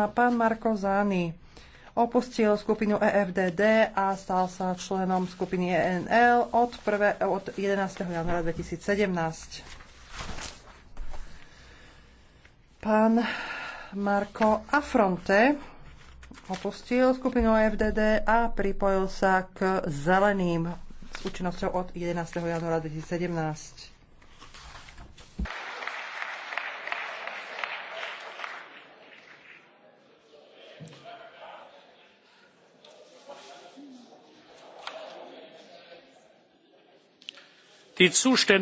má pán Marko Zány. Opustil skupinu EFDD a stal sa členom skupiny ENL od, prvé, od 11. januára 2017. Pán Marko Afronte opustil skupinu EFDD a pripojil sa k zeleným s účinnosťou od 11. januára 2017. die zustände